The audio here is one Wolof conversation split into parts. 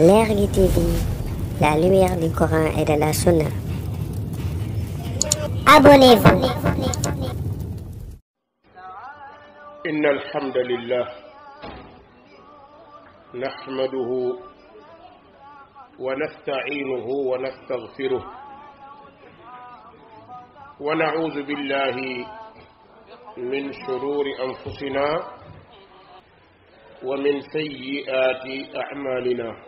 l'air du TV, la lumière du Coran et de la Sunna. Abonnez-vous. إن الحمد لله نحمده ونستعينه ونستغفره ونعوذ بالله من شرور أنفسنا ومن سيئات أعمالنا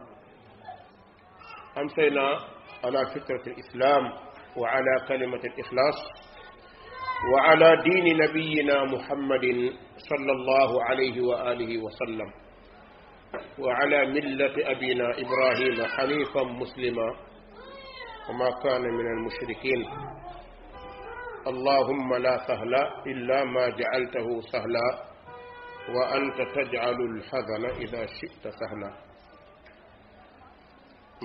أمسينا على فكرة الإسلام وعلى كلمة الإخلاص وعلى دين نبينا محمد صلى الله عليه وآله وسلم وعلى ملة أبينا إبراهيم حنيفا مسلما وما كان من المشركين اللهم لا سهل إلا ما جعلته سهلا وأنت تجعل الحزن إذا شئت سهلا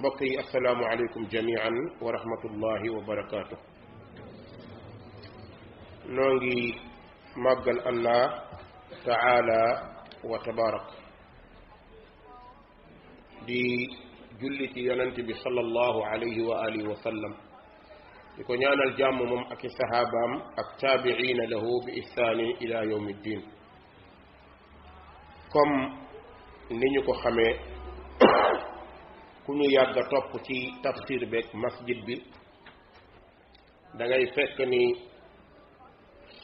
مبكي السلام عليكم جميعا ورحمة الله وبركاته نونجي مقل الله تعالى وتبارك دي جلت ينتبه صلى الله عليه وآله وسلم يكون الجام مم أكي صحابا التابعين له بإحسان إلى يوم الدين كم نينيكو خمي ku ñu yàgg a topp ci tafsir beeg masjid bi da ngay fekk ni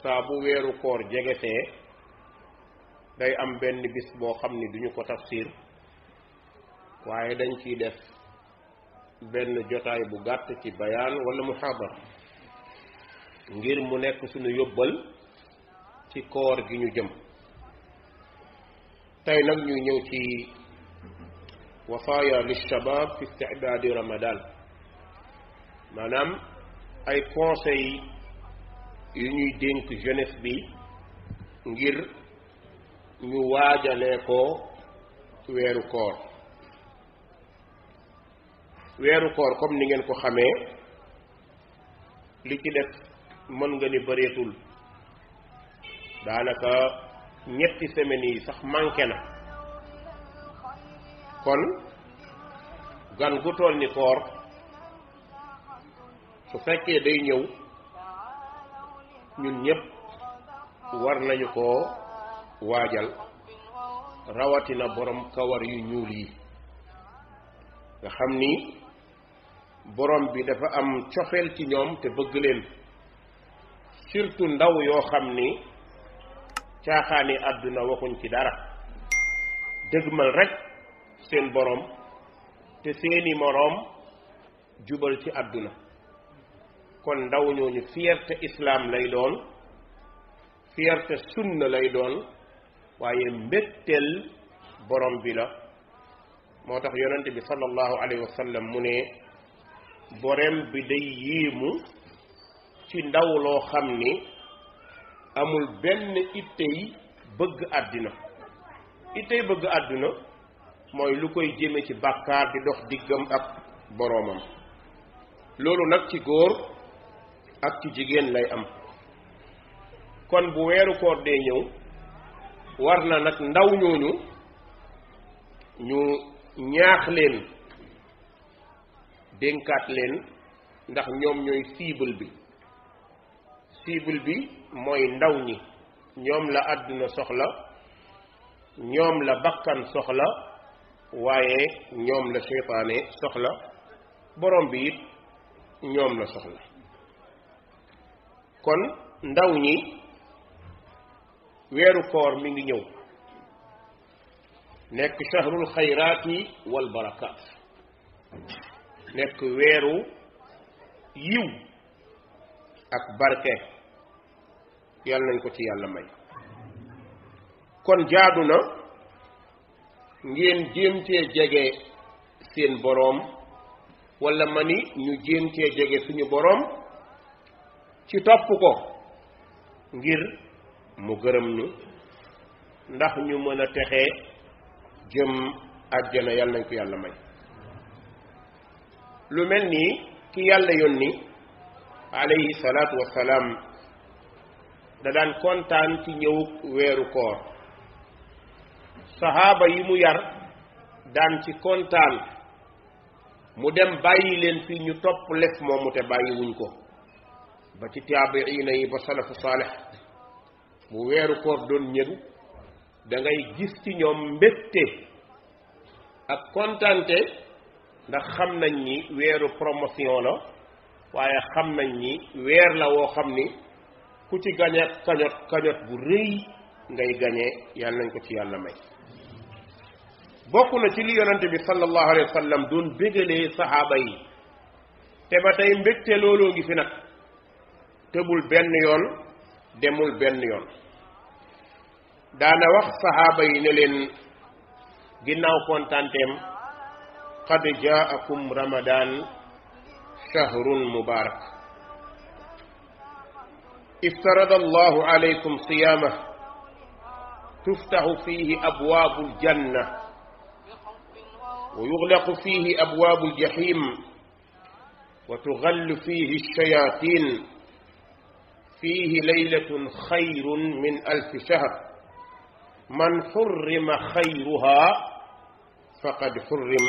saa bu weeru koor jegetee day am benn bis boo xam ni duñu ko tafsir waaye dañ ciy def benn jotaay bu gàtt ci bayaan wala muhabar ngir mu nekk suñu yóbbal ci koor gi ñu jëm tey nag ñuy ñëw ci وصايا للشباب في استعداد رمضان maanaam ay conseil yu ñuy dénk jeunesse bi ngir ñu waajalee ko weeru koor weeru koor comme ni ngeen ko xamee li ci def mën nga ni bëreetul daanaka ñetti semaines yi sax manqué na kon gan gu toll ni koor su fekkee day ñëw ñun ñëpp war nañu ko waajal rawatina borom kawar yu ñuul yi nga xam ni borom bi dafa am cofeel ci ñoom te bëgg leen surtout ndaw yoo xam ni caaxaani àdduna waxuñ ci dara dëgmal rekk seen boroom te seeni moroom jubal ci àdduna kon ndaw ñooñu fierté islaam lay doon fierté sunna lay doon waaye mbétteel borom bi la moo tax yonente bi sallallahu alayhi wa mu ne borem bi day yéemu ci ndaw loo xam ni amul benn ittey bëgg àddina ittey bëgg àdduna mooy lu koy jëme ci bàkkaar di dox diggam ak boroomam loolu nag ci góor ak ci jigéen lay am kon bu weeru koor dee ñëw war na nag ndaw ñooñu ñu ñaaxleen leen dénkaat leen ndax ñoom ñooy cible bi cible bi mooy ndaw ñi ñoom la àdduna soxla ñoom la bakkan soxla waaye ñoom la seytaane soxla borom bi it ñoom la soxla kon ndaw ñi weeru koor mi ngi ñëw nekk shahrul xayraati wal barakat nekk weeru yiw ak barke yàlla nañ ko ci yàlla may kon jaadu na ngeen jéemtee jege seen boroom walla ma ni ñu jéemtee jege suñu boroom ci topp ko ngir mu gërëm ñu ndax ñu mën a texe jëm àjjana yàlla nañ ko yàlla may lu mel nii ki yàlla yónni alayhi salaatu wassalaam da daan kontaan ci ñëwuk weeru koor sahaaba yi mu yar daan ci kontaan mu dem bàyyi leen fi ñu topp les moomu te bàyyiwuñ ko ba ci tabiina yi ba salafu saalex mu weeru koor doon ñëgu da ngay gis ci ñoom mbégte ak kontante ndax xam nañ ni weeru promotion la waaye xam nañ ni weer la woo xam ni ku ci gañe kañot kañot bu rëy ngay gañe yàlla nañ ko ci yàlla may bokk na ci li yonante bi sallallahu alayhi wasallam sallam begele sahaba yi te ba tey mbégte looloo ngi fi nag tëbul ben yon demul ben yon dana wax sahaba yi ne len ginnaw kontantem qad jaakum ramadan shahrun mubarak افترض الله عليكم صيامه تفتح فيه ابواب الجنه ويغلق فيه أبواب الجحيم وتغل فيه الشياطين فيه ليلة خير من ألف شهر من حرم خيرها فقد حرم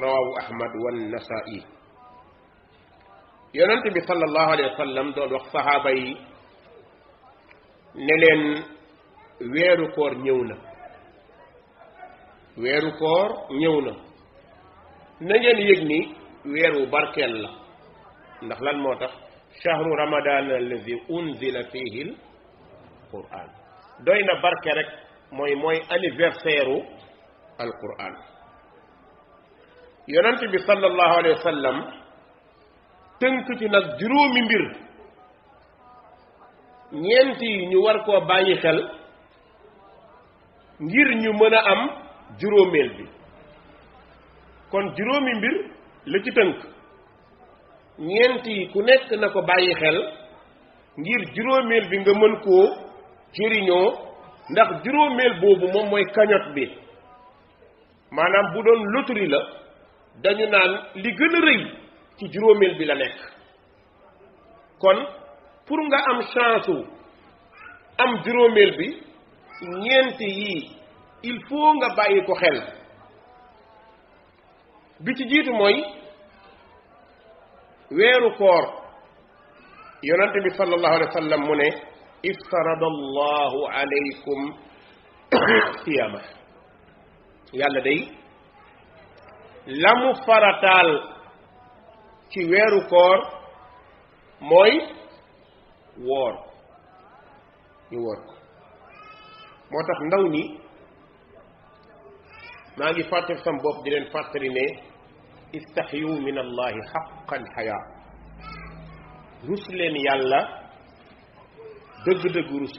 رواه أحمد والنسائي يننتبه صلى الله عليه وسلم دول صحابي wax saxaaba yi ne weeru koor ñëw na na ngeen yëg ni weeru barkeel la ndax lan moo tax shahru ramadan allazi unzila fihi alquran quran doy na barke rek mooy mooy anniversaire alquran al yonent bi sallallahu alayhi wa sallam tënk ci nag juróomi mbir ñeent yi ñu war koo bàyyi xel ngir ñu mën a am juróomeel bi kon juróomi mbir la ci tënk ñeent ku nekk na ko bàyyi xel ngir juróomeel bi nga mën koo jëriñoo ndax juróomeel boobu moom mooy cagnotte bi maanaam bu doon loterie la dañu naan li gën a rëy ci juróomeel bi la nekk kon pour nga am chance am juróomeel bi ñeent yi il faut nga bàyyi ko xel bi ci jiitu mooy weeru koor yonente bi sallallahu alayhi wa mu ne iftarada allahu alaykum siyama yàlla day la mu farataal ci weeru koor mooy woor ñu woor ko moo tax ndaw ñi maa ngi fàtte sam bopp di leen fàttali ne istaxyu min allahi xaqan xaya rus leen yàlla dëgg-dëgg rus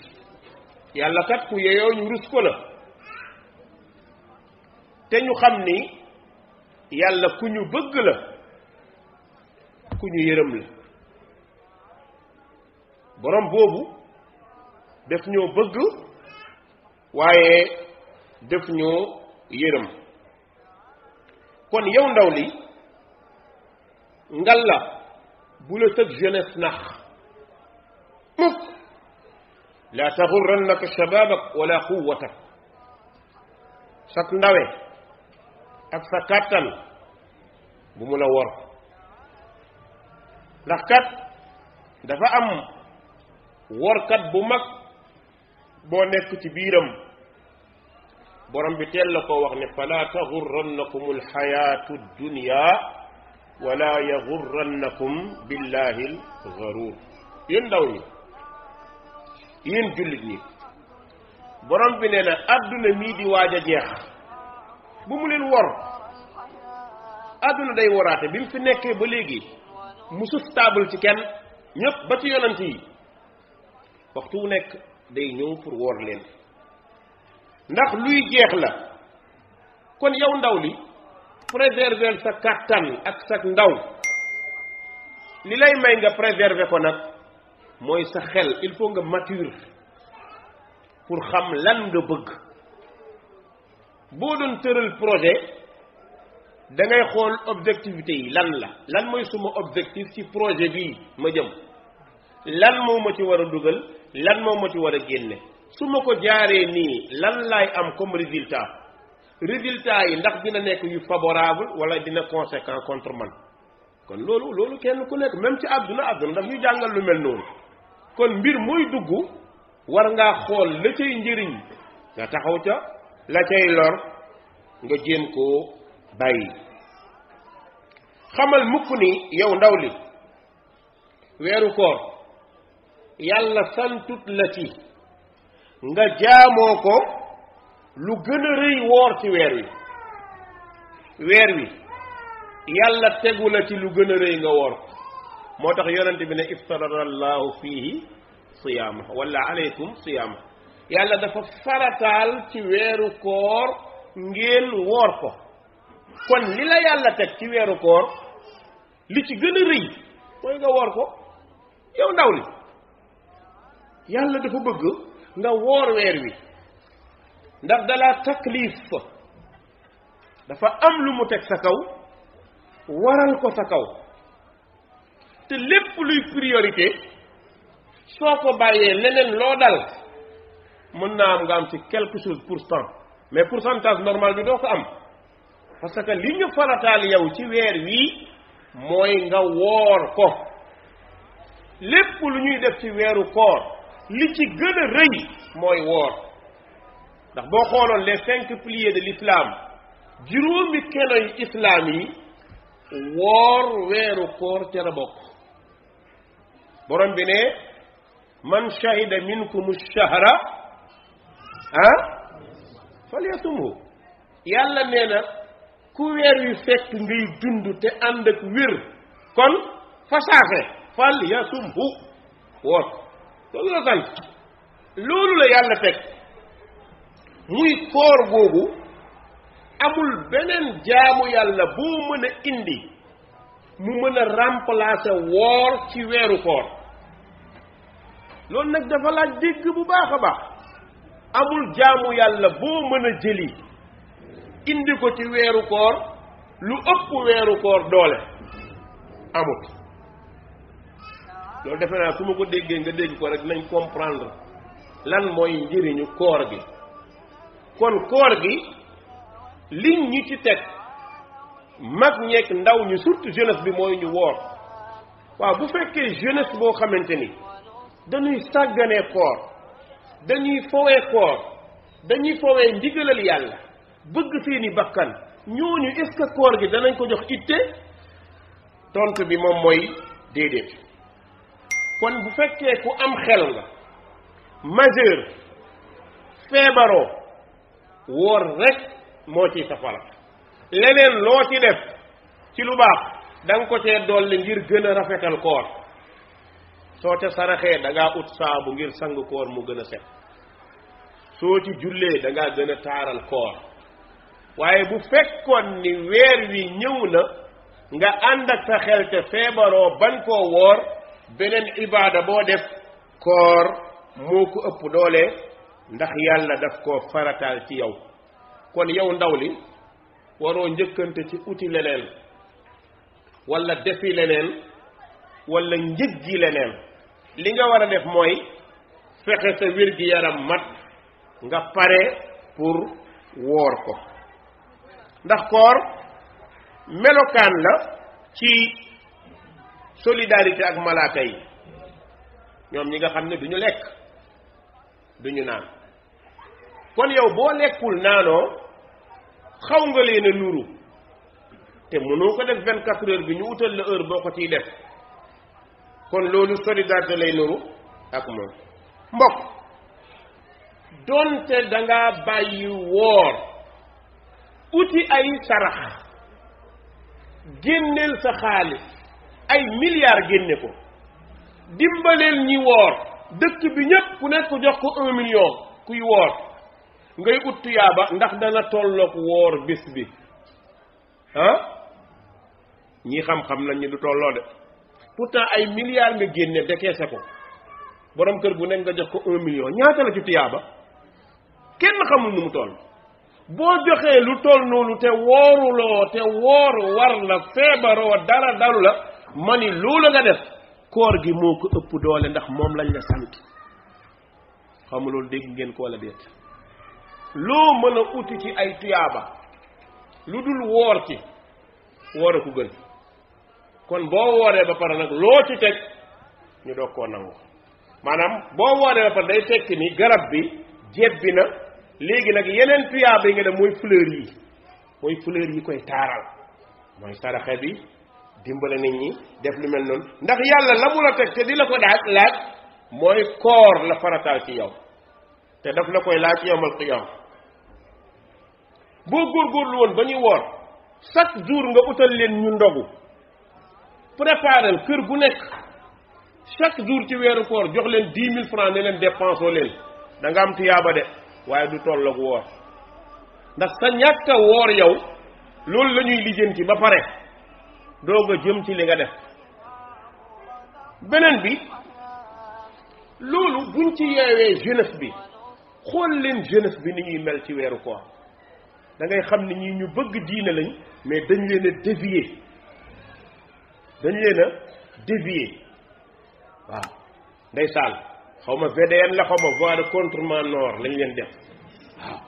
yàlla ku yeyoo ñu rus ko la te ñu xam ni yàlla ku ñu bëgg la ku ñu yërëm la borom boobu def ñoo bëgg waaye def ñoo yërëm kon yow ndaw li ngal la bu la sëg jeunesse nax mukk la taxurrannaka shababak wala quwwatak sat ndawe ak sa kàttan bu mu la wor ndax kat dafa am wor kat bu mag boo nekk ci biiram borom bi tel ko wax ne fala taxurrannakum alxayatu dunya wala yaxurrannakum billahi alxaruur yéen daw yi yéen julit ñi borom bi neena aduna mi di waja jeex bu mu len wor aduna day worate bim fi nekke ba léegi musu stable ci ken ñep ba ci yonant waxtu wu nekk day ñëw pour wor len ndax luy jeex la kon yow ndaw li préserver sa kàttan ak sa ndaw li lay may nga préserver ko nag mooy sa xel il faut nga mature pour xam lan nga bëgg boo doon tëral projet da xool objectivité yi lan la lan mooy suma objectif ci projet bii ma jëm lan moo ma ci war a dugal lan moo ma ci war a génne su ma ko jaaree nii lan laay am comme résultat résultat yi ndax dina nekk yu favorable wala dina conséquent contre man kon loolu loolu kenn ku nekk même ci àdduna àdduna daf ñu jàngal lu mel noonu kon mbir mooy dugg war ngaa xool la cay njëriñ nga taxaw ca la cay lor nga jéem koo bàyyi xamal mukk ni yow ndaw li weeru koor yàlla santut la ci nga jaamoo ko lu gën a rëy woor ci weer wi weer wi yàlla tegu la ci lu gën a rëy nga woor ko moo tax yonente bi ne iftara allahu fiihi siyaama wala aleykum siyaama yàlla dafa farataal ci weeru koor ngeen woor ko kon li la yàlla teg ci weeru koor li ci gën a rëy mooy nga woor ko yow ndaw li yàlla dafa bëgg nga woor weer wi ndax dalaa taklif dafa am lu mu teg sa kaw waral ko sa kaw te lépp luy priorité soo ko bàyyee leneen loo dal mën naa am nga am ci quelque chose pour cent mais pour pourcentage normal bi doo ko am parce que li ñu farataal yow ci weer wii mooy nga woor ko lépp lu ñuy def ci weeru koor li ci gën a rëy mooy woor ndax boo xooloon les cinq piliers de l'islam juróomi keno yi islaam yi woor weeru koor ca la bokk borom bi ne man shahida minkum shahra ah falyasumhu yàlla nee na ku weer yu fekk ngay dund te ànd ak wér kon fasaase falyasumhu woor loolu la loolu la yàlla teg muy koor googu amul beneen jaamu yàlla boo mën a indi mu mën a remplacer woor ci weeru koor loolu nag dafa laaj dégg bu baax a baax amul jaamu yàlla boo mën a jëli indi ko ci weeru koor lu ëpp weeru koor doole amut loolu defe naa su ma ko déggee nga dégg ko rek nañ comprendre lan mooy njëriñu koor gi kon koor gi liñ ñi ci teg mag ñeeg ndaw ñu surtout jeunesse bi mooy ñu woor waaw bu fekkee jeunesse boo xamante ni dañuy sàgganee koor dañuy fowee koor dañuy fowee ndigalal yàlla bëgg seeni bakkan ñooñu ñu ce koor gi danañ ko jox itte tontu bi moom mooy déedéet kon bu fekkee ku am xel nga majeur feebaroo woor rek moo ci sa farat leneen loo ci def ci lu baax da nga ko cee dolli ngir gën rafetal koor soo ca saraxee da ut saabu ngir sang koor mu gën a set soo ci jullee da ngaa gën taaral koor waaye bu fekkoon ni weer wi ñëw na nga ànd ak sa xel te feebaroo ban koo woor beneen ibaada boo def koor moo ko ëpp doole ndax yàlla daf ko farataal ci yow kon yow ndaw li waroo njëkkante ci uti leneen wala defi leneen wala njëggi leneen li nga war a def mooy fexe sa wér-gi-yaram mat nga pare pour woor ko ndax koor melokaan la ci solidarité ak malaaka yi ñoom ñi nga xam ne duñu lekk duñu naan kon yow boo lekkul naanoo xaw nga leen a nuru te mënoo ko def vingt quatre heures bi ñu wutal la heure boo ko ciy def kon loolu solidarité lay nuru ak moom mbokk donte da bàyyi woor uti ay sarax génneel sa xaalis ay milliards génne ko dimbaleel ñi woor dëkk bi ñépp ku nekk jox ko un million kuy woor ngay ut tuyaaba ndax dana tolloog woor bés bi ah ñi xam-xam nañ du tolloo de pourtant ay milliards nga génne dekeese ko borom kër gu nekk nga jox ko un million ñaata la ci tuyaaba kenn xamul nu mu toll boo joxee lu toll noonu te wooruloo te woor war la feebaroo dara dalu la ma ni loolu nga def koor gi moo ko ëpp doole ndax moom lañ la sant xam loolu dégg ngeen ko wala déet loo mën a uti ci ay tuyaaba lu dul woor ci woore ku gën kon boo wooree ba pare nag loo ci teg ñu doog koo nangu maanaam boo wooree ba pare day tekki ni garab bi jeeb bi na léegi nag yeneen tuyaaba yi nga def mooy fleur yi mooy fleur yi koy taaral mooy saraxe bi dimbale nit ñi def lu mel non ndax yàlla lamu la tek te dila ko daal laaj moy koor la farataal ci yow te daf la koy laaj ci yowal qiyam bo gor gor lu won bañu wor chaque jour nga utal len ñu ndogu préparer kër gu nek chaque jour ci wéru koor jox len 10000 francs ne len dépenso len da nga am tiyaba de waye du toll ak wor ndax sa ñàkk wor yow lool lañuy lijeenti ba pare doog a jëm ci li nga def beneen bi loolu buñ ci yeewee jeunesse bi xool leen jeunesse bi ni ñuy mel ci weeru koor dangay xam ni ñi ñu bëgg diine lañ mais dañ leen a dévier dañ leen a dévier waaw ndeysaan xaw ma VDN la xaw ma voie de nord lañ leen def waaw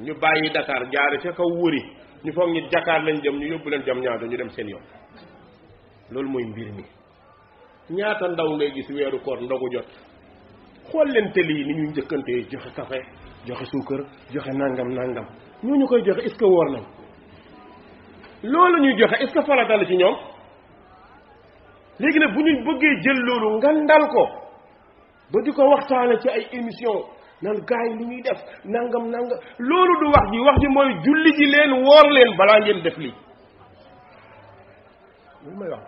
ñu bàyyi Dakar jaar ca kaw wëri ñu foog ñi Dakar lañ dem ñu yóbbu leen jam ñaata ñu dem seen yoon loolu mooy mbir mi ñaata ndaw ngay gis weeru koor ndogu jot xool leen télé yi ni ñu njëkkantee joxe café joxe suukar joxe nangam nangam ñooñu koy joxe est woor nañ loolu ñuy joxe est-ce que ci ñoom léegi nag bu ñuy bëggee jël loolu ngandal ko ba di ko waxtaane ci ay émission nan gars yi lu ñuy def nangam nangam loolu du wax ji wax ji mooy julli ji leen woor leen balaa ngeen def lii loolu may wax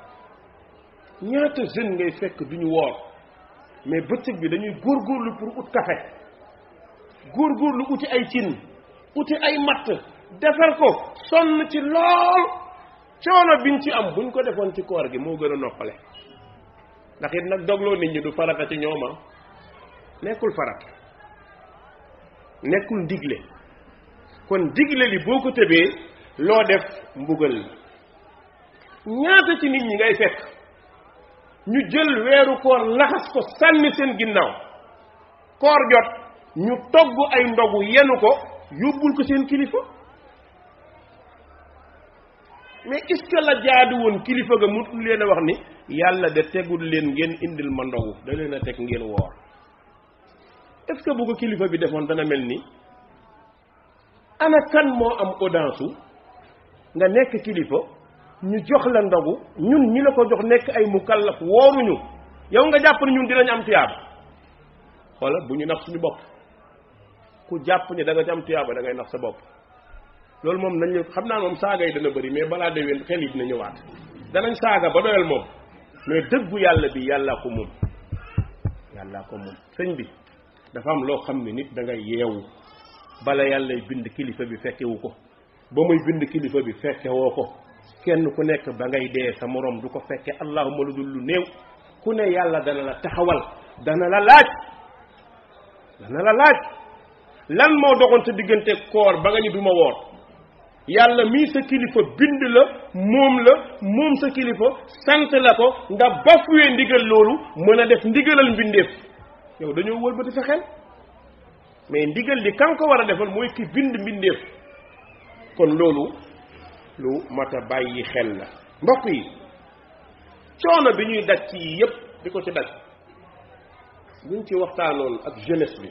ñaata jeune ngay fekk duñu woor mais bëccëg bi dañuy góorgóorlu pour ut kafe góor góor góorgóorlu uti ay cin uti ay matt defar ko sonn ci lool coono biñ ci am buñ ko defoon ci koor gi moo gën a noppale ndax it nag dogloo nit ñi du farata ci ñooma ah. nekkul farata nekkul digle kon digle li boo ko tëbee loo def mbugal la ñaata ci nit ñi ngay fekk ñu jël weeru koor laxas ko sànni seen ginnaaw koor jot ñu togg ay ndogu yenu ko yóbbul ko seen kilifa mais est-ce que la jaadu woon kilifa ga mu leen a wax ni yàlla de tegul leen ngeen indil ma ndogu da leen a teg ngeen woor est-ce que kilifa bi defoon dana mel ni ana kan moo am audace nga nekk kilifa ñu jox la ndogu ñun ñi la ko jox nekk ay mukal mukallaf wooruñu yow nga jàpp ne ñun dinañ am tiyaaba xoola bu ñu nax suñu bopp ku jàpp ne danga nga ci am da ngay nax sa bopp loolu moom nañu xam naa moom saaga yi dana bëri mais balaa déwén xel yi dina ñëwaat danañ saaga ba doyal moom mais dëggu yàlla bi yàllaa ko moom yàllaa ko moom sëñ bi dafa am loo xam ne nit dangay ngay yeewu bala yàlla bind kilifa bi fekkewu ko ba muy bind kilifa bi fekke ko kenn ku nekk ba ngay dee sa moroom du ko fekke allahuma lu dul lu néew ku ne yàlla dana la taxawal dana la laaj dana la laaj lan moo doxoon sa diggante koor ba nga ñu duma woor yàlla mii sa kilifa bind la moom la moom sa kilifa sant la ko nga bafuwee ndigal loolu mën a def ndigalal mbindeef yow dañoo wëlbati sa xel mais ndigal li kan ko war a defal mooy ki bind mbindeef kon loolu lu mat a bàyyi xel na mbokk yi coono bi ñuy daj ci yépp di ko ci daj buñ ci waxtaanoon ak jeunesse bi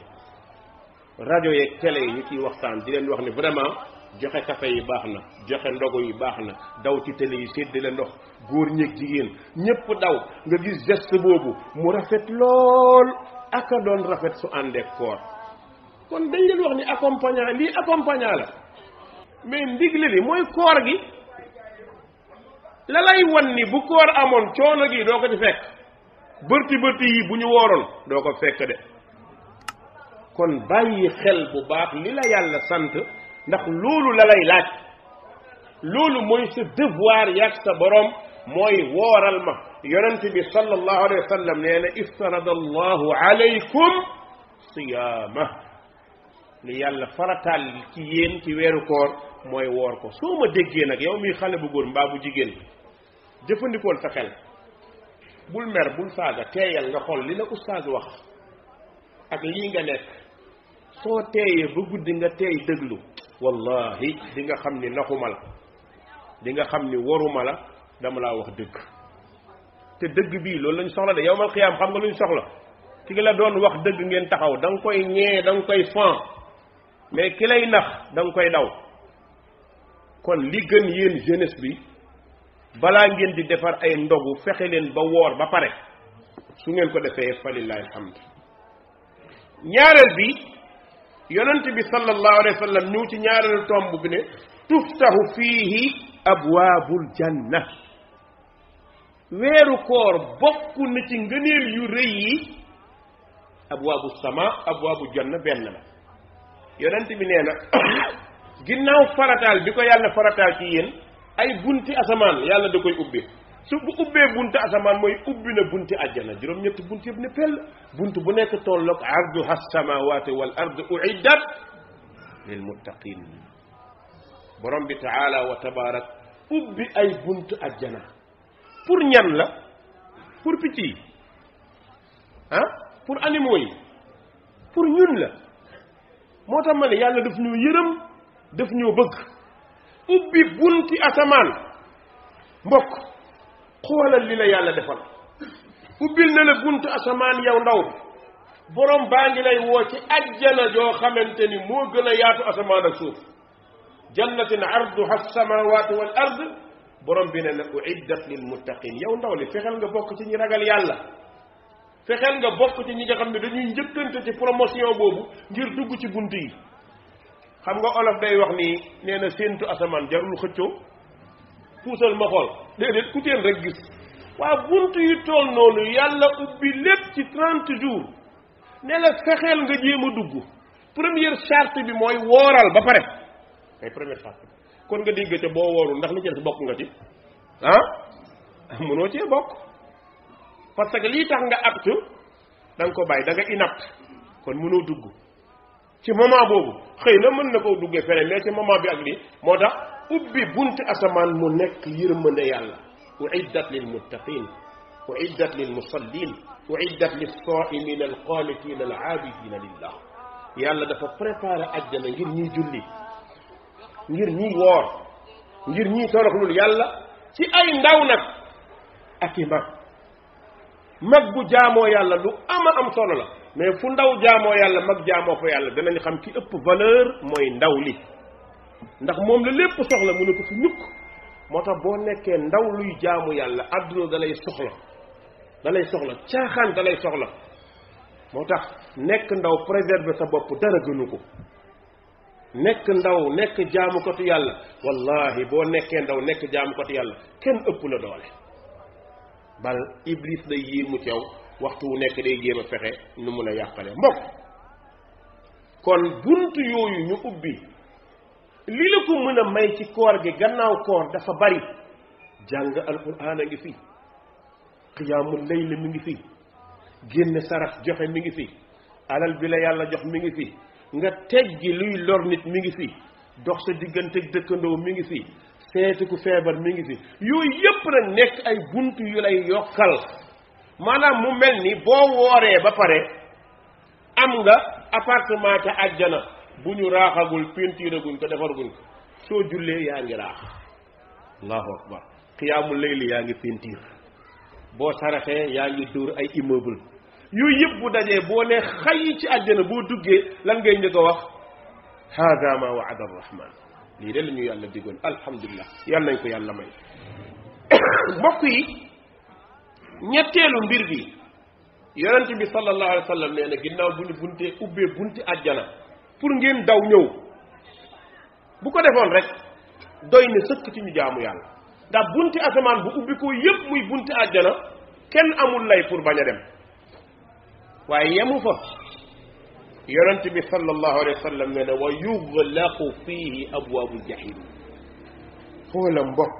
rajo yeeg télé yi ñu ciy waxtaan di leen wax ne vraiment joxe café yi baax na joxe ndogu yi baax na daw ci télé yi la ndox góor ñeeg jigéen ñépp daw nga gis geste boobu mu rafet lool aka doon rafet su àndee koor kon dañ leen wax ni accompagnant lii accompagnant la mais ndigle li mooy koor gi la lay wan ni bu koor amoon coono gi doo ko ci fekk bërti bërti yi bu ñu wooroon doo ko fekk de kon bàyyi xel bu baax li la yàlla sant ndax loolu la lay laaj loolu mooy sa devoir yàgg sa boroom mooy wooral ma يونس بصلى الله عليه وسلم لأن افترض الله عليكم صيامه ليال فرطا الكيين كي ويرو كور موي ووركو سوما ديجي نك يومي خالي بو غور مبابو جيجين ديفانديكول سا خيل بول مير بول ساغا تيال نغا خول لي لا استاذ واخ اك لي نغا نيك سو تيي بو غود نغا تيي دغلو والله ديغا خامني نخومال ديغا خامني وروما لا دام لا واخ دغ te dëgg bii loolu lañ soxla de yowmal qiyaam xam nga luñ soxla ki nga la doon wax dëgg ngeen taxaw da nga koy ñee da nga koy fan mais ki lay nax da nga koy daw kon li gën yéen jeunesse bi balaa ngeen di defar ay ndogu fexe leen ba woor ba pare su ngeen ko defee falillahi alhamd ñaareel bi yonent bi sallallahu alayhi wasallam ñu ci ñaareelu tomb bi ne tuftahu fihi abwabul janna weeru koor bokk na ci ngëneel yu rëy yi abwaabu sama abwaabu janna benn la yonent bi nee na ginnaaw farataal bi ko yàlla farataal ci yéen ay bunti asamaan yàlla da koy ubbi su bu ubbee bunti asamaan mooy ubbi na bunti àjjana juróom-ñetti bunti yëpp ne pell bunt bu nekk tolloog arduha samawati wal ard uiddat lil muttaqin borom bi taala wa tabaarak ubbi ay buntu àjjana pour ñan la pour picc hein pour animaux yi pour ñun la motam mané yàlla def ñu yërëm def ñu bëgg ubbi bunti asaman mbokk xolal li la yàlla defal ubbil na la buntu asaman yow ndaw borom baangi lay wo ci ajjana jo xamanteni mo gëna yaatu asaman ak suuf jannatin arduha alsamawatu wal ard borom bi ne la uiddat lil muttaqin yow ndaw li fexeel nga bokk ci ñi ragal yàlla fexeel nga bokk ci ñi nga xam ne dañuy njëkkante ci promotion boobu ngir dugg ci bunt yi xam nga olof day wax nii nee na séentu asamaan jarul xëccoo puusal ma xool déedéet ku teen rek gis waaw bunt yu tool noonu yàlla ubbi lépp ci trente jours ne la fexeel nga jéem a dugg première charte bi mooy wooral ba pare mooy première charte bi kon nga dégg ca boo woorul ndax li ci def bokk nga ci ah mënoo cee bokk parce que lii tax nga apte da nga ko bàyyi da nga inapt kon mënoo dugg ci moment boobu xëy na mën na ko duggee fere mais ci moment bi ak lii moo tax ubbi bunti asamaan mu nekk yërmande yàlla uiddat lil muttaqin uiddat lil musallin uiddat lis saimin al qanitina al abidina lillah yàlla dafa préparé ajjana ngir ñuy julli ngir ñi wor ngir ñiy toroxlul yàlla ci ay ndaw nak ak i mag mag bu jaamoo yàlla lu ama am solo la mais fu ndaw jaamoo yàlla mag jaamoo ko yàlla danañ xam ki ëpp valeur moy ndaw li ndax mom la lépp soxla mu ne ko fu ñuk moo bo nekké ndaw luy jaamu yàlla aduna da lay soxla da lay soxla tiaxan da lay soxla motax nek ndaw préserver sa bop dara gënuko nekk ndaw nekk jaamukatu yàlla wallahi boo nekkee ndaw nekk jaamukatu yàlla kenn ëpp la doole bal iblis day yéemu ci yow waxtu wu nekk day jéem a fexe nu mu la yàqale mbokk kon bunt yooyu ñu ubbi li la ko mën a may ci koor gi gannaaw koor dafa bari jàng alquraan a ngi fi qiyaamul layl mi ngi fi génn sarax joxe mi ngi fi alal bi la yàlla jox mi ngi fi nga teggi luy lor nit mi ngi ci dox sa diggante dëkkandoo mi ngi fi seeti ku feebar mi ngi ci yooyu yëpp nag nekk ay bunt yu lay yokkal maanaam mu mel ni boo wooree ba pare am nga appartement ca àjjana bu ñu raaxagul peinture guñ ko defarguñ soo jullee yaa ngi raax allahu akbar xiyaamul layli yaa ngi peinture boo saraxee yaa ngi dóor ay immeuble yooyu yëpp bu dajee boo nee xay ci àjjana boo duggee lan ngay njëkk a wax hada ma waada lii de la yàlla digoon alhamdulilah yàlla nañ ko yàlla may mbokk yi ñetteelu mbir bi yonent bi sallallahu alayhi wa sallam nee na ginnaaw bu ñu buntee ubbee bunti àjjana pour ngeen daw ñëw bu ko defoon rek doy na sëkk ci ñu jaamu yàlla ndax bunti asamaan bu ubbi ko yëpp muy bunti àjjana kenn amul lay pour bañ a dem waaye yemu fa yonent bi sallallahu alayhi wa sallam ne ne wa yuglaqu fihi abwaabu jahim xoola mbokk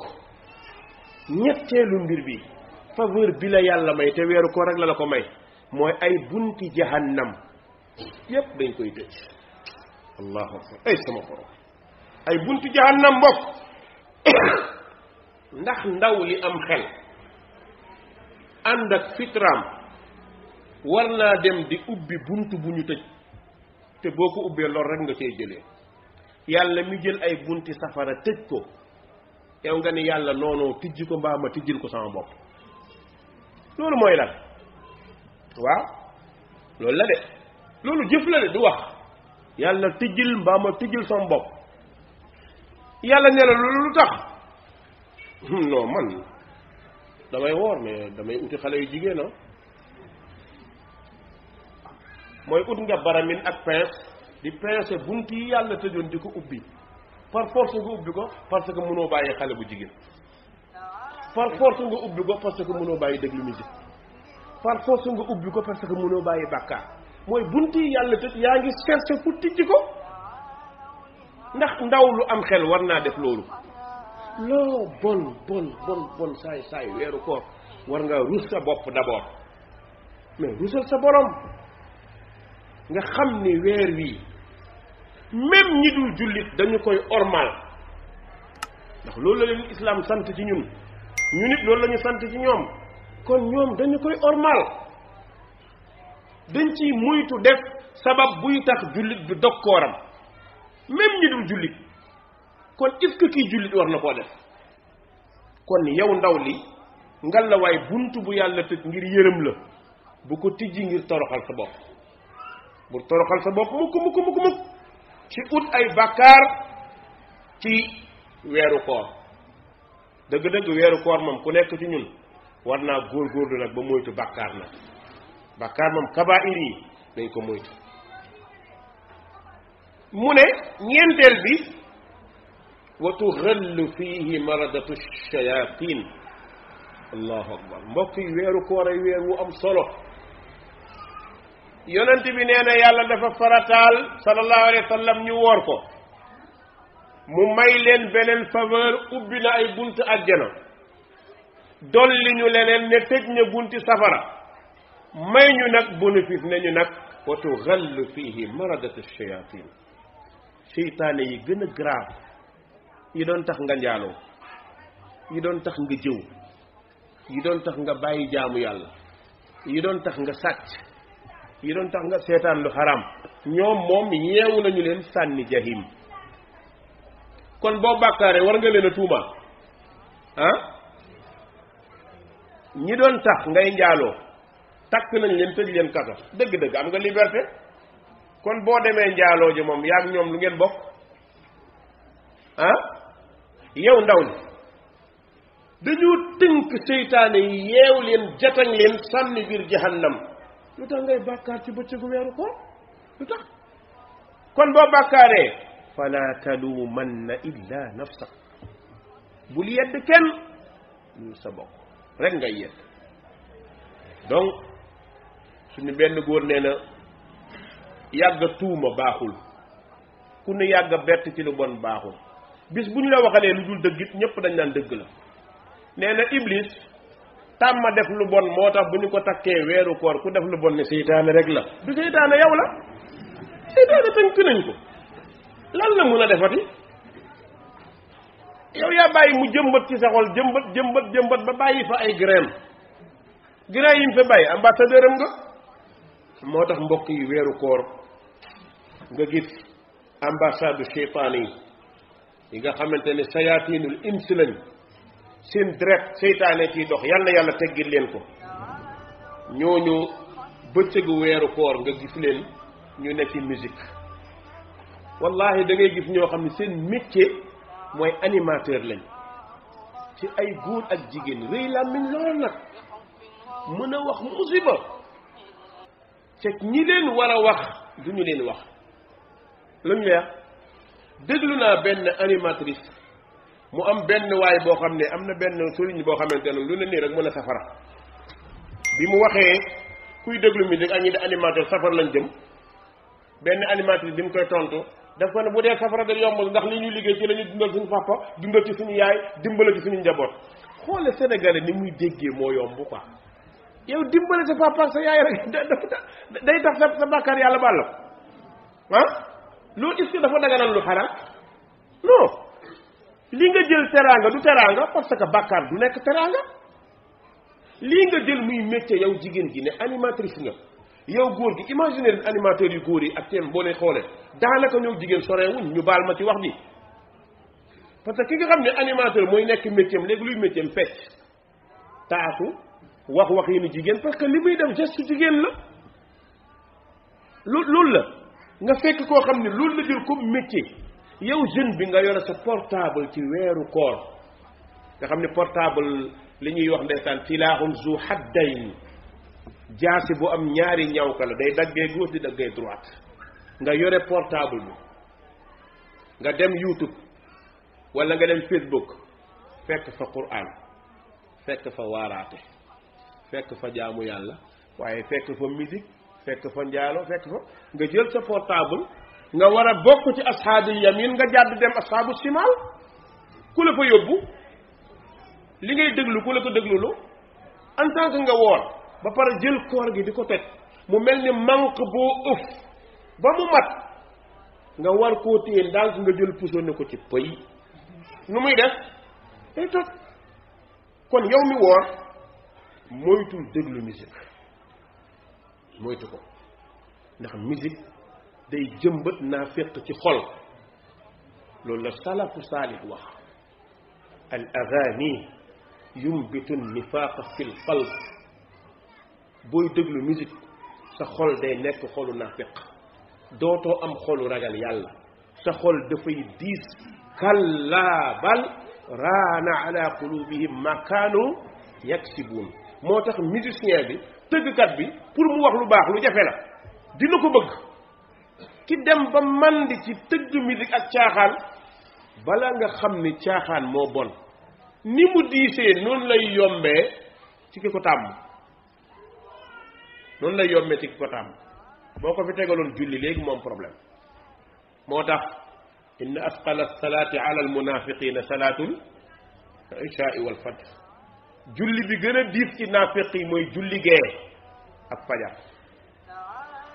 ñetteelu mbir bi faveur bi la yàlla may te weeru ko rek la la ko may mooy ay bunti jahannam yépp dañ koy tëj allahu akbar ay sama borom ay bunti jahannam mbokk ndax ndaw li am xel ànd ak fitraam war naa dem di ubbi bunt bu ñu tëj te boo ko ubbee loolu rek nga cay jëlee yàlla mi jël ay bunti safara tëj ko yow nga ne yàlla noonu tijji ko mbaa ma tijjil ko sama bopp loolu mooy lan waaw loolu la de loolu jëf la de du wax yàlla tijjil mbaa ma tijjil sama bopp yàlla ne la loolu lu tax non man damay woor mais damay uti xale yu jigéen ah. moy ut nga baramin ak pees di peese bunti yalla tejon diko ubi par force nga ubi ko parce que mëno baye xalé bu jigen par force nga ubi ko parce que baye bàyyi déglu musique par force nga ubi ko parce que mëno baye bakka moy bunti yalla yàlla ya ngi cherché pour tijji ko ndax ndaw lu am xel warna def lolu lo bon bon bon bon say say wéru warna war nga rousse sa bop d'abord mais rousse sa borom nga xam ni weer wii même ñi dul jullit dañu koy ormal ndax loolu la leen islam sant ci ñun ñu nit loolu la sant ci ñoom kon ñoom dañu koy ormal dañ ci muytu def sabab buy tax jullit bi dog kooram même ñi dul jullit kon est-ce que kii jullit war na koo def kon yow ndaw li ngalla waay bunt bu yàlla tëj ngir yërëm la bu ko tijji ngir toroxal sa bopp bu toroxal sa bopp mukk mukk mukk mukk ci ut ay bàkkaar ci weeru koor dëgg-dëgg weeru koor moom ku nekk ci ñun war naa góor góorgóorlu nag ba moytu bàkkaar nag bàkkaar moom kabaa'ir yi dañ ko moytu mu ne ñeenteel bi wa tuxallu fiihi maradatu shayatin allahu akbar mbokk yi weeru koor ay weer wu am solo yonent bi nee na yàlla dafa farataal sallallahu alayhi wa sallam ñu woor ko mu may leen beneen faveur ubbi na ay bunt àjjana dolli ñu leneen ne tëj na bunti safara may ñu nag bénéfice ne ñu nag wa tuxallu fiihi maradatu shayatin seytaane yi gën a grave yi doon tax nga njaaloo yi doon tax nga jëw yi doon tax nga bàyyi jaamu yàlla yi doon tax nga sàcc yi doon tax nga seetaan lu xaraam ñoom moom yeewu nañu leen sànni jahim kon boo bàkkaaree war nga leen a tuumaal ah ñi doon tax ngay njaaloo takk nañ leen tëj leen kaso dëgg-dëgg am nga liberté kon boo demee njaaloo ji moom yaa ñoom lu ngeen bokk ah yow ndaw li dañoo tënk seytaane yi yeew leen jatañ leen sànni biir jahannam lutax bakar ngay bakkar ci bëccëgu weeru koor bakar eh? kon bo bakkaré fala taluumanna illa bu li yedd kenn ñu sa bokk rek ngay iya yedd donc suñu benn góor nee na yàgg tuuma baaxul ku ne yàgg bett ci lu bon baaxul bis buñ la waxalee lu dul dëggit ñëpp dañ naan dëgg la nee iblis tàmma def lu bon moo tax bu ñu ko takkee weeru koor ku def lu bon ne seytaane rek la du seytaane yow la seytaane tënk nañ ko lan la mun a defati yow yaa bàyyi mu jëmbat ci sa xol jëmbat jëmbat ba bàyyi fa ay grain grain yi mu fa bàyyi ambassadeur am nga moo tax mbokk yi weeru koor nga gis ambassade seytaane yi yi nga xamante ne sayaatiinul insi lañ seen direct seytaane ciy dox yàlla yàlla teggil leen ko ñooñu bëccëgu weeru koor nga gis leen ñu ne ci musique wallahi da ngay gis ñoo xam ne seen métier mooy animateur lañ ci ay góor ak jigéen rëy miñ lool nag mën a wax musiba te ñi leen war a wax duñu ñu leen wax lañ ñu leex déglu naa benn animatrice mu am benn waay boo xam ne am na benn sëriñ boo xamante ne lu ne nii rek mën a safara bi mu waxee kuy déglu mi rek ak ñi di animateur safara lañ jëm benn animateur bi mu koy tontu daf ko ne bu dee safara da yombul ndax li ñuy liggéey ci la ñuy dundal suñu papa dundal ci suñu yaay dimbale ci suñu njaboot xoole sénégalais ni muy déggee moo yomb quoi yow dimbale sa papa sa yaay rek day tax sa sa bàkkaar yàlla baal la ko ah loolu est li nga jël teraanga du teraanga parce que bàkkaar du nekk teraanga lii nga jël muy métier yow jigéen gi ne animatrice nga yow góor gi imaginer leen animateurs yu góor yi ak teen boo leen xoolee daanaka ñëw jigéen sorewuñ ñu baal ma ci wax bi parce que ki nga xam ne animateur mooy nekk métier am léegi luy métier am fecc taatu wax wax yi ni jigéen parce que li muy def geste jigéen la lu loolu la nga fekk koo xam ne loolu la jël comme métier yow jeune bi nga yore sa portable ci weeru koor nga xam ne portable li ñuy wax ndeysaan silaaxun zu haddayn jaasi bu am ñaari ñawka la day daggee gauche di daggee droite nga yore portable bi nga dem youtube wala nga dem facebook fekk fa quran fekk fa waaraate fekk fa jaamu yàlla waaye fekk fa musique fekk fa njaalo fekk fa nga jël sa portaable nga war a bokk ci asxaabu yamin nga jàdd dem asxaabu simaal ku la fa yóbbu li ngay déglu ku la ko déglu lu en tant nga woor ba pare jël koor gi di ko toj mu mel ni manque boo ëf ba mu mat nga war koo téye daal nga jël puso ne ko ci pëy nu muy def kon yow mi woor moytul déglu musique moytu ko ndax musique day jëmbat naa féq ci xol loolu la salafu salih wax al aghani yumbitu nifaq fi al qalb boy déglu musique sa xol day nekk xolu naa féq dootoo am xolu ragal yàlla sa xol da fay dis kala bal rana ala qulubihim ma kanu yaksibuun motax musicien bi teug kat bi pour mu wax lu bax lu jafe la dina ko bëgg ki dem ba màndi ci tëgg musique ak caaxaan bala nga xamni tiaxan mo bon ni mu dise non lay yombé ci kiko tam non lay yombé ci kiko tam boko fi tegalon julli léegi mom problème motax ان اثقل الصلاه على المنافقين صلاه العشاء والفجر wal fajr julli bi gën a diis ci naafiq yi mooy julli gee ak fajar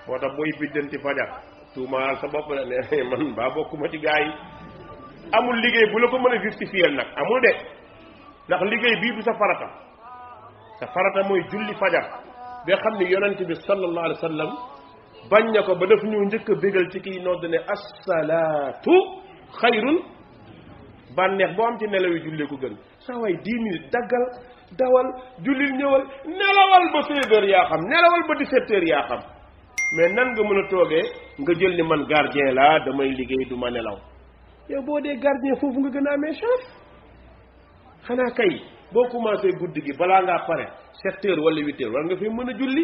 moo tax booy fajar tuumaal sa bopp la ne man baa bokkuma ci gaa yi amul liggéey bu la ko mën a justifier nag amul de ndax liggéey bii du sa farata sa farata mooy julli fajar ba xam ni yonent bi sallallahu alayhi wa sallam bañ na ko ba daf ñu njëkk a bégal ci kiy nodd ne assalaatu xayrun bànneex boo am ci nelaw jullee ko gën saa waay dix minutes daggal dawal jullil ñëwal nelawal ba seize yaa xam nelawal ba dix yaa xam mais nan nga mën a toogee nga jël ni man gardien laa damay liggéey du ma nelaw yow boo dee gardien foofu nga gën a amee chance xanaa kay boo commencé guddi gi balaa ngaa pare sept heures wala huit nga fi mën a julli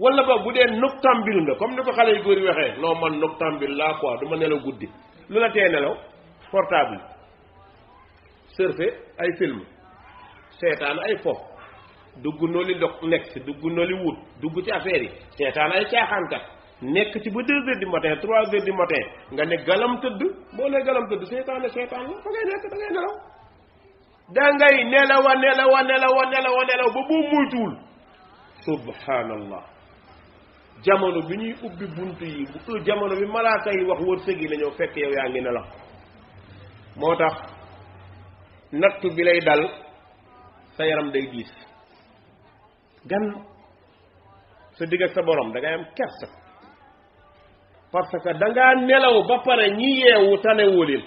wala ba bu dee noctambule nga comme ni ko xale yu góor yi waxee non man noctambule la quoi du ma nelaw guddi lu la tee nelaw portable surfer ay film seetaan ay fo dugg noo li dox nekk dugg noo li wut dugg ci affaire yi seetaan ay caaxaankat nekk ci ba deux heures du matin trois heures du matin nga ne galam tëdd boo ne galam tëdd seetaane seetaan la fa ngay nekk da ngay nelaw da ngay nelawa nelawa nelawa nelawa nelaw ba boo moytuwul subhanallah jamono bi ñuy ubbi bunt yi euh, jamono bi malaaka yi wax wërsëg yi la ñoo fekk yow yaa ngi nelaw moo tax nattu bi lay dal sa yaram day diis gan sa digg ak sa borom da ngay am kersa parce que da ngaa nelaw ba pare ñi yeewu tanewulil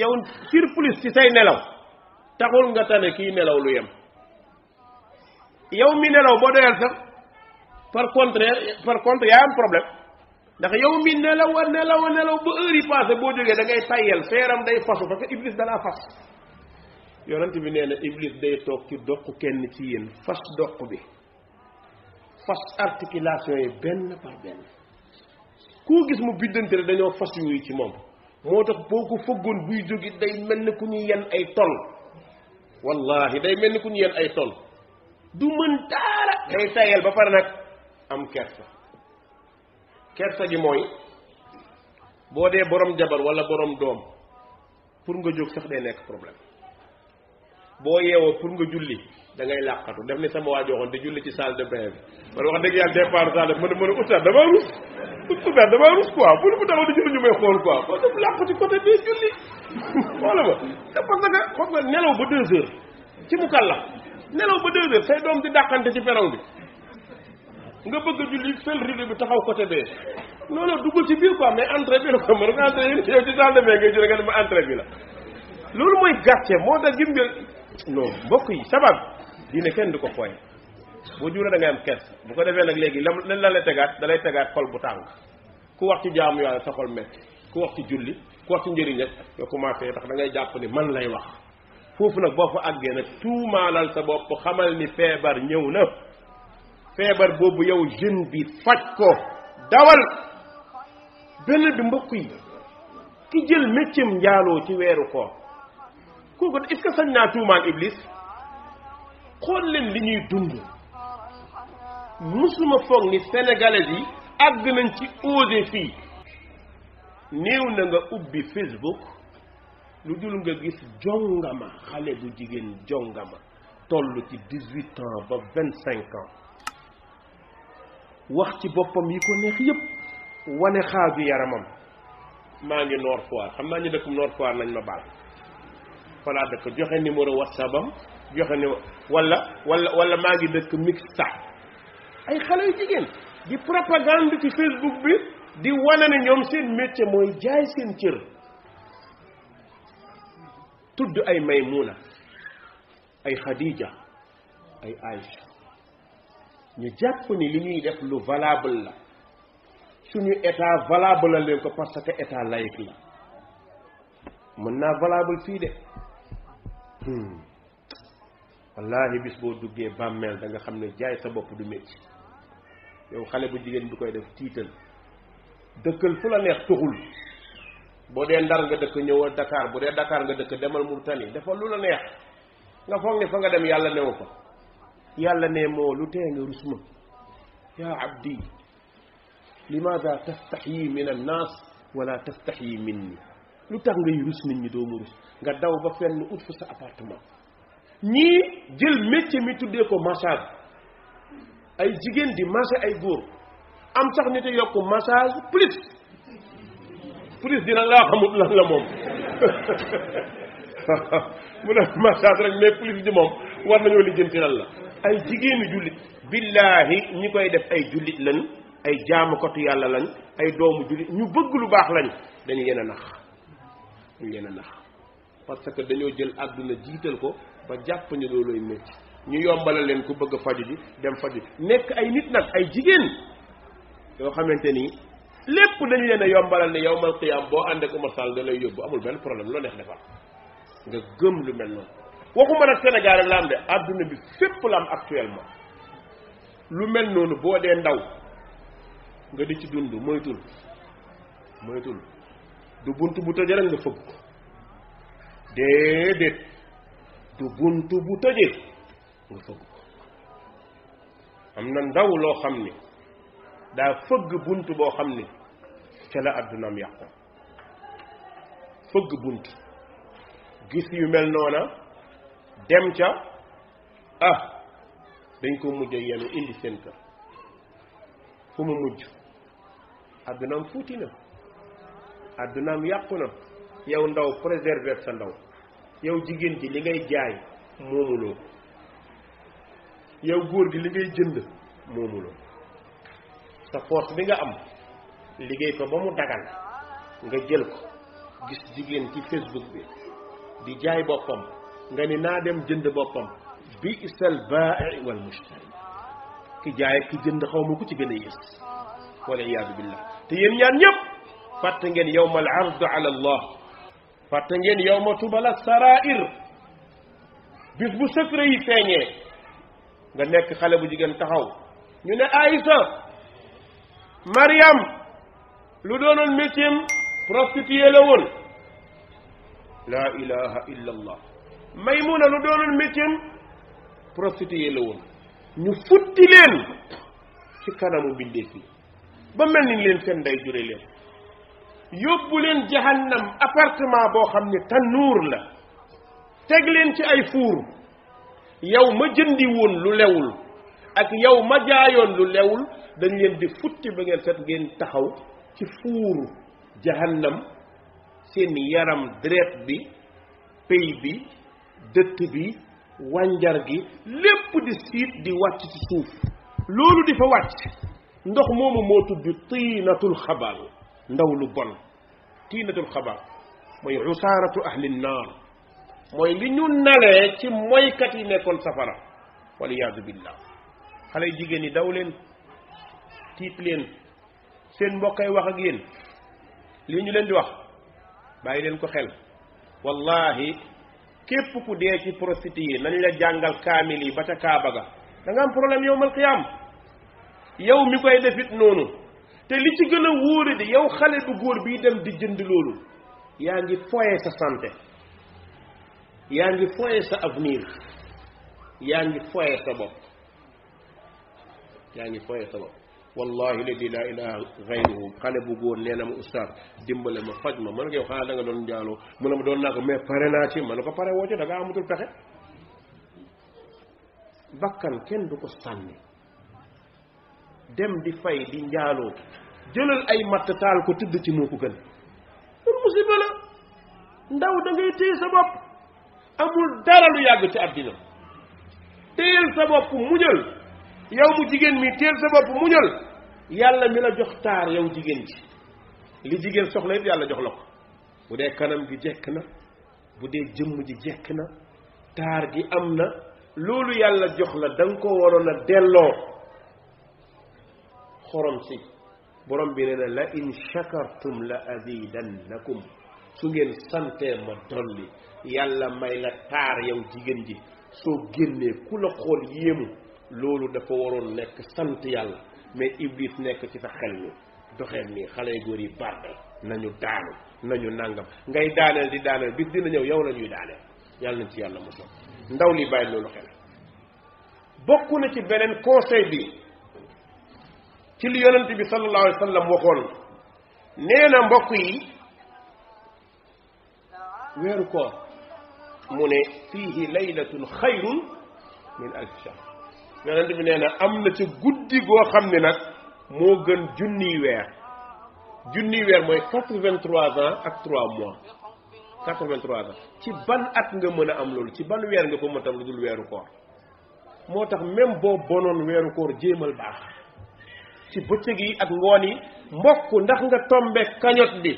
yow surplus ci say nelaw taxul nga tane kii nelaw lu yem yow mi nelaw boo doyal sax par contraire par contre yaa am problème ndax yow mi nelaw a nelaw a nelaw ba heure yi boo jógee da ngay tayyal feeram day fasu parce que iblis dalaa fas yonent bi nee na iblis day toog ci doq kenn ci yéen fas doq bi fas articulation yi benn par benn koo gis mu biddante rek dañoo fas yooyu ci moom moo tax boo ko fëggoon buy jógi day mel ni ku ñu yenn ay tol wallahi day mel ni ku ñu yenn ay tol du mën dara day tayel ba pare nag am kersa kersa gi mooy boo dee borom jabar wala borom doom pour nga jóg sax day nekk problème boo yeewoo pour nga julli da ngay làqatu def ni sama waa joxoon di julli ci salle de bain bi man wax dëgg yàlla départ salle de mën a mën a oustaz damaa rus oustaz damaa rus quoi bu mu taxaw di julli ñu may xool quoi kon def làqatu côté bi julli xoola ma te parce que xam nga nelaw ba deux heures ci mu kàlla nelaw ba deux heures say doom di dàqante ci perron bi nga bëgg a julli fël rideau bi taxaw côté bee non non duggal ci biir quoi mais entrée bi la ko mën nga entrée yow ci salle de bain ngay julli nga dama entrée bi la loolu mooy gàcce moo tax gis nga non mbokk yi sabab diine kenn du ko fooye boo juuree da am kers bu ko defee nag léegi la lan la lay tegaat da tegaat xol bu tàng ku wax ci jaamu yàlla sa xol metti ku wax ci julli ku wax ci njëriñ rek nga commencé ndax da ngay jàpp ni man lay wax foofu nag boo fa àggee nag tuumaalal sa bopp xamal ni feebar ñëw na feebar boobu yow jeune bi faj ko dawal benn bi mbokk yi ki jël méccam njaaloo ci weeru ko kooku est ce que sañ naa tuumaal iblis xool leen li ñuy dund musuma foog ni sénégalais yi àgg nañ ci osé fii néew na nga ubbi facebook lu dul nga gis jongama xale bu jigéen jongama toll ci dix-huit ans ba vingt-cinq ans wax ci boppam yi ko neex yépp wane xaaju yaramam maa ngi Nord Foire xam naa ñu dëkkum Nord Foire nañ ma baal fan laa dëkk joxe numéro whatsapp am joxe numéro wala wala wala maa ngi dëkk mixta ay xale yu jigéen di propagande ci facebook bi di wane ne ñoom seen métier mooy jaay seen cër tudd ay maymuna ay xadija ay aïcha ñu jàpp ni li ñuy def lu valable la suñu état valable la leen ko parce que état laïque la mën naa valable fii de Hmm. wallaahi bis boo duggee bàmmeel da nga xam ne jaay sa bopp du métti yow xale bu jigéen du koy def tiital dëkkal fu la neex tuxul boo dee ndar nga dëkk ñëwal Dakar bu dee Dakar nga dëkk demal Murtani dafa lu la neex nga foog ne fa nga dem yàlla newu fa yàlla ne moo lu tee nga rus ma yaa abdi limaada tastaxyi min annaas wala tastaxyi minni lu tax ngay rus nit ñi doomu rus nga daw ba fenn ut fa sa appartement ñi jël métier mi tuddee ko massage ay jigéen di massé ay góor am sax nité yokku massage plus plus dina la xamut lan la mom mu na massage rek mais plus di moom war nañu lijeenti lan la ay jigéenu julit billahi ñi koy def ay julit lañ ay jaamukatu yalla lañ ay doomu julit ñu bëgg lu baax lañ dañu yena nax dañ leen parce que dañoo jël àdduna jiital ko ba jàpp ñu loolooy métti ñu yombalal leen ku bëgg a bi ji dem faju nekk ay nit nag ay jigéen yoo xamante nii lépp dañu leen a yombalal ne yow yowmal qiyaam boo ànd ak Oumar Sall da lay yóbbu amul benn problème loo neex defal nga gëm lu mel noonu waxuma nag Sénégal rek la am de àdduna bi fépp la am actuellement lu mel noonu boo dee ndaw nga di ci dund moytul moytul du bunt bu tëjee rek nga fëgg ko déedéet du bunt bu tëjee nga fëgg ko am na ndaw loo xam ni daa fëgg bunt boo xam ni ca la àddunaam yàqu fëgg bunt gis yu mel noona dem ca ah dañ ko mujj yenu indi seen kër fu mu mujj àddunaam fuuti na àddunaam yàqu na yow ndaw préserver sa ndaw yow jigéen ji li ngay jaay moomuloo yow góor gi li ngay jënd moomuloo sa force bi nga am liggéey ko ba mu dagal nga jël ko gis jigéen ci facebook bi di jaay boppam nga ni naa dem jënd boppam bi isal baai wal mustari ki jaay ki jënd xaw ma ku ci gën a yées wala iyaadu billah te yéen ñaan ñëpp فاتنجن يوم العرض على الله فاتنجن يوم تبلى سرائر بس بسكر يفيني غنك خلبو جيغن تاو ني عائشه مريم لو دونون ميتيم بروستيتي لا اله الا الله ميمون لو دونون ميتيم بروستيتي لا وون لين شكرا كانامو بيندي سي با لين سن داي لين yóbbu leen jahannam appartement boo xam ne tanuur la teg leen ci ay fuur yow ma jëndi woon lu lewul ak yow ma jaayoon lu lewul dañu leen di futti ba ngeen set ngeen taxaw ci fuuru jahannam seen yaram deret bi pay bi dëtt bi wànjar gi lépp di siit di wàcc ci suuf loolu di fa wàcc ndox moomu moo tudd tiinatul xabal ndaw lu bon tiinatul xabaar mooy usaaratu ahli naar mooy li ñu nalee ci moykat yi nekkoon safara waliyaadu billah xale yi jigéen yi daw leen tiit leen seen mbokkay wax ak yéen li ñu leen di wax bàyyi leen ko xel wallahi képp ku dee ci prostituée nañ la jàngal kaamil yi ba ca kaaba ga da nga am problème yowmal qiyaam yow mi koy defit noonu te li ci gën a wóore di yow xale bu góor bi dem di jënd loolu yaa ngi foye sa santé yaa ngi foye sa niir yaa ngi foye sa bopp yaa ngi foye sa bopp wallahi ladi laa ilaha gayruhu xale bu góor nee na ma oustaz dimbale ma faj ma mën nga yow xanaa da nga doon njaaloo mu a ma doon naa ko mais pare naa ci ma ne ko pare woo ci da nga amatul pexe bakkan kenn du ko sànni dem di fay di njaaloo jëlal ay matt taal ko tëdd ci moo ko gën mu musiba la ndaw da ngay sa bopp amul dara lu yàgg ci àddina téyel sa bopp muñal yow mu jigéen mi téyel sa bopp muñal yàlla mi la jox taar yow jigéen ji li jigéen soxla yëpp yàlla jox la ko bu dee kanam gi jekk na bu dee jëmm ji jekk na taar gi am na loolu yàlla jox la da ko waroon a delloo xorom si borom bi nee na la in shakartum la azidannakum su ngeen santee ma dolli yàlla may la taar yow jigéen ji soo génnee ku la xool yéemu loolu dafa waroon nekk sant yàlla mais iblis nekk ci sa xel mi doxeen nii xale yu góor yi barke nañu daanu nañu nàngam ngay daaneel di daaneel bis dina ñëw yow la ñuy daaneel yàlla nañ ci yàlla mosoo ndaw li bàyyi loolu xel bokk na ci beneen conseil bi ci li yonent bi sallallahu alayhi wa sallam waxoon nee na mbokk yi weeru koor mu ne fiihi laylatun xayrun min alfi shahr yonent bi nee na am na ca guddi goo xam ne nag moo gën junniy weer junniy weer mooy quatre-vingt-trois ans ak trois mois quatre-vingt-trois ans ci ban at nga mën a am loolu ci ban weer nga ko mën tam lu dul weeru koor moo tax même boo bonoon weeru koor jéemal baax ci bëccëg yi ak ngoon yi mbokk ndax nga tombeek kañot bi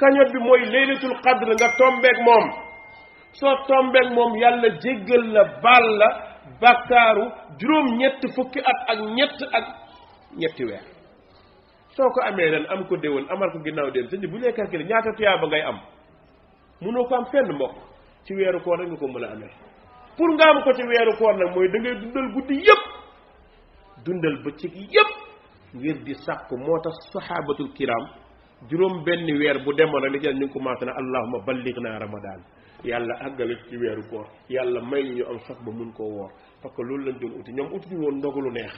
kañot bi mooy laylatul qadr nga tombeek moom soo tombeek moom yàlla jéggal la baal la bàkkaaru juróom ñett fukki at ak ñett ak ñetti weer soo ko amee ren am ko déwén amal ko ginnaaw déwén sëñ bi bu ñu ki calculé ñaata ba ngay am mënoo ko am fenn mbokk ci weeru koor rek nga ko mën a amee pour nga am ko ci weeru koor nag mooy da ngay dundal guddi yépp dundal bëccëg yépp ngir di sàkku moo tax sahabatul kiram juróom benn weer bu demoon rek li ci ñu ko commencé na allahuma ballig naa ramadan yàlla àggale ci weeru koor yàlla may ñu am sax ba mun koo woor parce que loolu lañ doon uti ñoom utuñu woon ndogu lu neex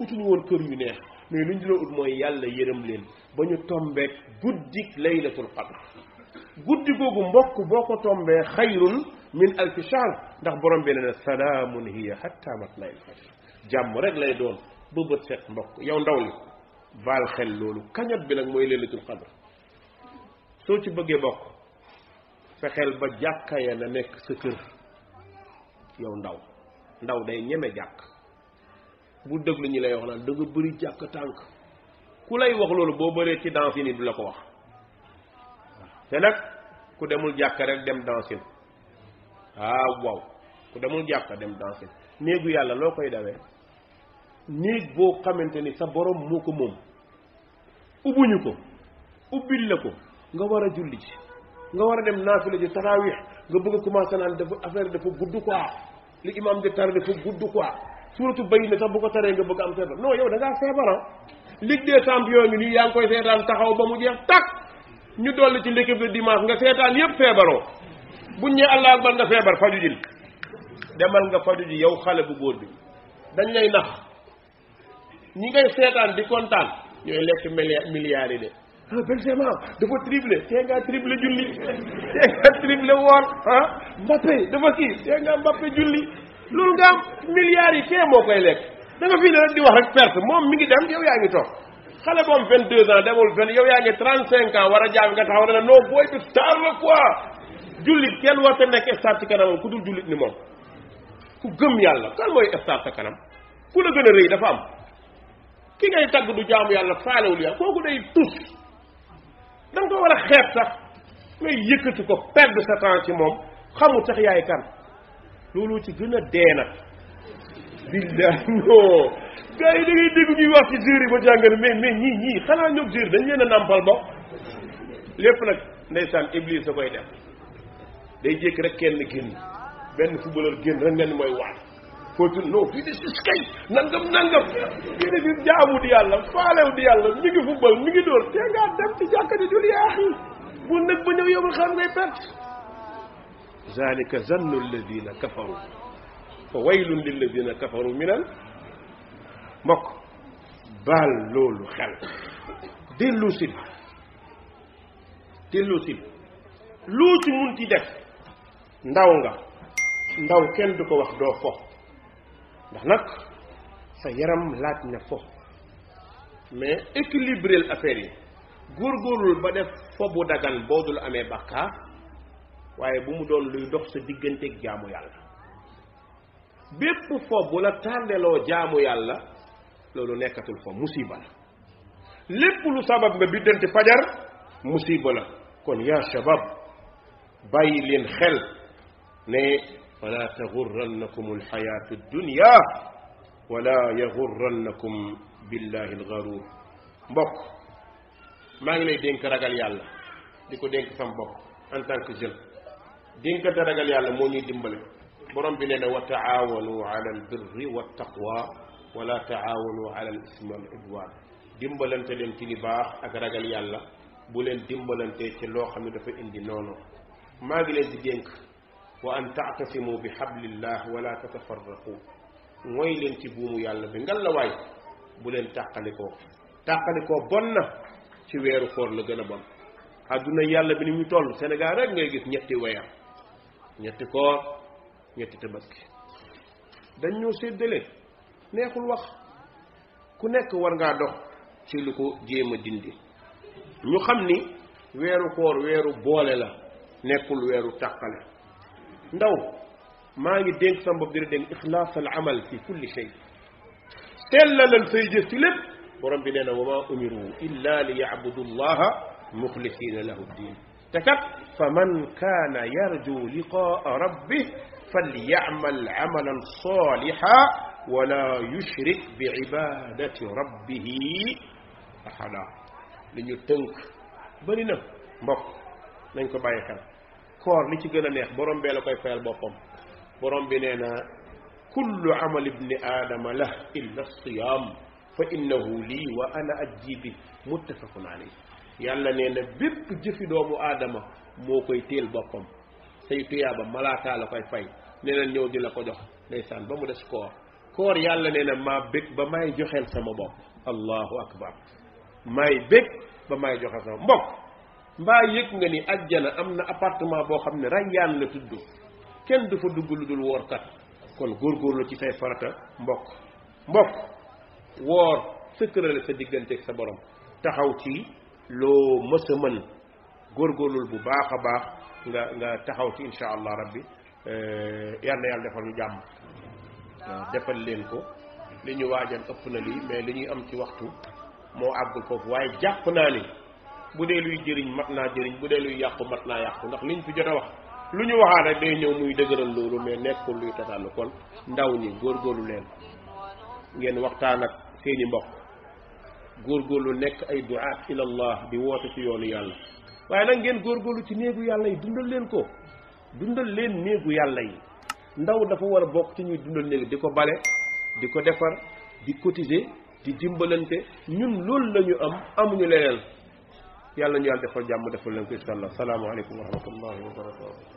utuñu woon kër yu neex mais lu ñu doon ut mooy yàlla yërëm leen ba ñu tombeek guddik laylatul qadr guddi googu mbokk boo ko tombee xayrun min alfi shahr ndax borom bi nee na salaamun hiya hatta matla'il fajr Jam rek lay doon ba bët set mbokk yow ndaw li baal xel loolu kañat bi nag mooy leelatul xadr soo ci bëggee bokk fexeel ba ya na nekk sa kër yow ndaw ndaw day ñeme jàkk bu déglu ñi lay wax naan da nga bëri jàkk tànk ku lay wax loolu boo bëree ci dansine du la ko wax te nag ku demul jàkk rek dem dansine Ah waaw ku demul jàkk dem dansine néegu yàlla loo koy dawee néeg boo xamante ni sa borom moo ko moom ubbuñu ko ubbil la ko nga war a julli ci nga war a dem naafila ji taraawix nga bëgg a commencé naan dafa affaire dafa gudd quoi li imam di tar dafa gudd quoi suratu bayi na sax bu ko taree nga bëgg am feebar non yow da ngaa feebaran ah. ligue des champions ngi nii yaa ngi koy seetaan taxaw ba mu jeex tak ñu dolli ci l'équipe de dimanche nga seetaan yëpp feebaroo buñ ñee allah akbar nga feebar faju jil nga faju yow xale bu góor bi dañ lay nax ñi ngay seetaan di kontaan ñooy lekk milliards yi de ah Benzema dafa triplé tee ngaa triplé julli tee ngaa triplé woor ah Mbappé dafa kii tee ngaa Mbappé julli loolu nga am yi kee moo koy lekk da nga fii ne di wax rek perte moom mi ngi dem yow yaa ngi toog xale boom vingt deux ans demul vingt yow yaa ngi trente cinq ans war a jaam nga taxaw ne la non booy bi star la quoi jullit kenn war ta nekk star ci kanamam ku dul jullit ni moom ku gëm yàlla kan mooy star sa kanam ku la gën a dafa am ki ngay tagg du jaamu yàlla faalewul yàlla kooku day tus da nga ko war a xeeb sax ngay yëkkati ko perdre sa temps ci moom xamul sax yaay kan looloo ci gën a deena billahi non gars yi da dégg ñuy wax ci jur yi ba jàngal mais mais ñii ñii xanaa ñoog jur dañ leen a nàmpal ba lépp nag ndeysaan iblis da koy def day jékki rek kenn génn benn footballeur génn rek ngeen mooy waat قلت نو في دي سكاي نانغام نانغام في دي جامو دي يالا فاليو دي يالا ميغي فوتبول ميغي دور تيغا دم تي جاكا دي جولي اخي بو نك با نيو يوم الخميس غاي بات ذلك ظن الذين كفروا فويل للذين كفروا من مك بال لولو خال ديلو سيب ديلو سيب لوتي مونتي ديف نداو نغا نداو كين دوكو واخ دو فوخ ndax nag sa yaram laaj na fo mais équilibrel affaire yi góorgóorlul ba def fo bu dagan boo dul amee bàkkaar waaye bu mu doon luy dox sa digganteeg jaamu yàlla bépp fo bu la jaamu yàlla loolu nekkatul fo musiba la lépp lu sabab nga biddanti fajar musiba la kon yaa shabab bàyyi leen xel ne فلا تغرنكم الحياة الدنيا ولا يغرنكم بالله الغرور بوك ما نلي دينك رجال يالا ديكو دينك سام بوك ان تانك جيل دينك رجال يالا مو ني ديمبل بروم بي نينا وتعاونوا على البر والتقوى ولا تعاونوا على الاثم والعدوان ديمبلنت ديم تي لي باخ اك رجال يالا بولين ديمبلنت تي لو خامي دا فا اندي نونو ما نلي دينك wa an taatasimu bi hablillah wala tatafarraqu mooy leen ci buumu yàlla bi ngal la bu leen tàqalikoo tàqalikoo bon na ci weeru koor la gën a bon àdduna yàlla bi ni muy toll Sénégal rek ngay gis ñetti weer ñetti koor ñetti tabaski dañ ñoo séddale neexul wax ku nekk war ngaa dox ci lu ko jéem a dindi ñu xam ni weeru koor weeru boole la nekkul weeru tàqale ndaw maa ngi dénk sama bopp dina dénk ixlaas al amal fi kulli shay sellalal say jëf ci lépp borom bi nee na wa maa umiru illa li yabudu llaha muxlisina lahu ddin te kat fa man kaana yarju liqaa rabbih falyamal amalan saliha wala yushrik bi rabbihi ahada li ñu tënk bëri na mbokk nañ ko bàyyi xel koor li ci gën a neex borom bee la koy fayal boppam borom bi nee na kullu amal ibni aadama la illa siyaam fa innahu lii wa ana ajji bi muttafaqun alayh yàlla nee na bépp jëfi doomu aadama moo koy téel boppam say tuyaaba malaakaa la koy fay neneen ñëw di la ko jox ndeysaan ba mu des koor koor yàlla nee na maa bég ba may joxeel sama bopp allahu akbar may bég ba may joxeel sama mbokk mbaa yëg nga ni ajjana am na appartement boo xam ne rayyaan la tudd kenn du fa dugg lu dul woorkat kon góor góorlu ci say farata mbokk mbokk woor sëkkërale sa diggante ak sa borom taxaw ci loo mës a góor góorlul bu baax a baax nga nga taxaw ci insha allah rabbi euh, yal na yàlla defal ñu jàmm euh, defal leen ko li ñu waajal ëpp na lii mais li ñuy am ci waxtu moo àggul foofu waaye jàpp naa ni bu dee luy jëriñ mat naa jëriñ bu dee luy yàqu mat naa yàqu ndax liñ fi jot a wax lu ñu waxaat rek day ñëw muy dëgëral loolu mais nekkul luy tasaanu kon ndaw ñi góorlu leen ngeen waxtaan ak seeni mbokk góorgóorlu nekk ay duaat ila allah di woote ci yoonu yàlla waaye nag ngeen góor góorlu ci néegu yàlla yi dundal leen ko dundal leen néegu yàlla yi ndaw dafa war a bokk ci ñuy dundal néeg di ko bale di ko defar di cotiser di dimbalante ñun loolu la am amuñu leneen yàlla ñu yàlla defal jàmm defal leen ko incha allah salaamaaleykum wa rahmatullahi wa barakatu